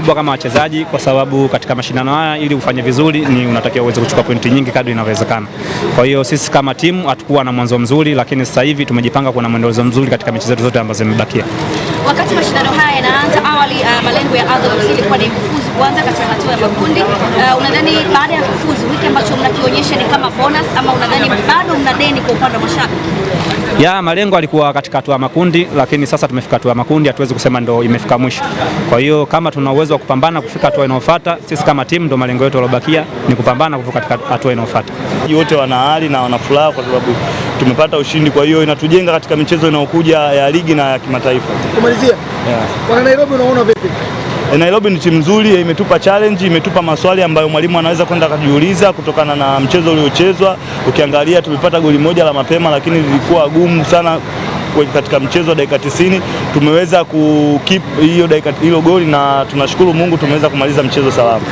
kubwa kama wachezaji, kwa sababu katika mashindano haya ili ufanye vizuri ni unatakiwa uweze kuchukua pointi nyingi kadri inavyowezekana. Kwa hiyo sisi kama timu hatukuwa na mwanzo mzuri, lakini sasa hivi tumejipanga kuwa na mwendelezo mzuri katika mechi zetu zote ambazo zimebakia. Wakati mashindano haya yanaanza, awali uh, malengo ya Azam FC ilikuwa ni kufuzu kwanza katika hatua ya makundi. Uh, unadhani baada ya kufuzu wiki ambacho mnakionyesha ni kama bonus ama unadhani bado mna deni kwa upande wa mashabiki? ya malengo alikuwa katika hatua ya makundi, lakini sasa tumefika hatua ya makundi, hatuwezi kusema ndo imefika mwisho. Kwa hiyo kama tuna uwezo wa kupambana kufika hatua inayofuata, sisi kama timu ndo malengo yetu yalobakia ni kupambana kufika katika hatua inayofuata. Wote wana hali na wana furaha kwa sababu tumepata ushindi, kwa hiyo inatujenga katika michezo inayokuja ya ligi na ya kimataifa. Kumalizia, yeah. Wana Nairobi unaona vipi? Eh, Nairobi ni timu nzuri, eh, imetupa challenge, imetupa maswali ambayo mwalimu anaweza kwenda akajiuliza kutokana na mchezo uliochezwa. Ukiangalia tumepata goli moja la mapema, lakini lilikuwa gumu sana katika mchezo wa dakika 90 tumeweza ku keep hiyo dakika hilo goli, na tunashukuru Mungu tumeweza kumaliza mchezo salama.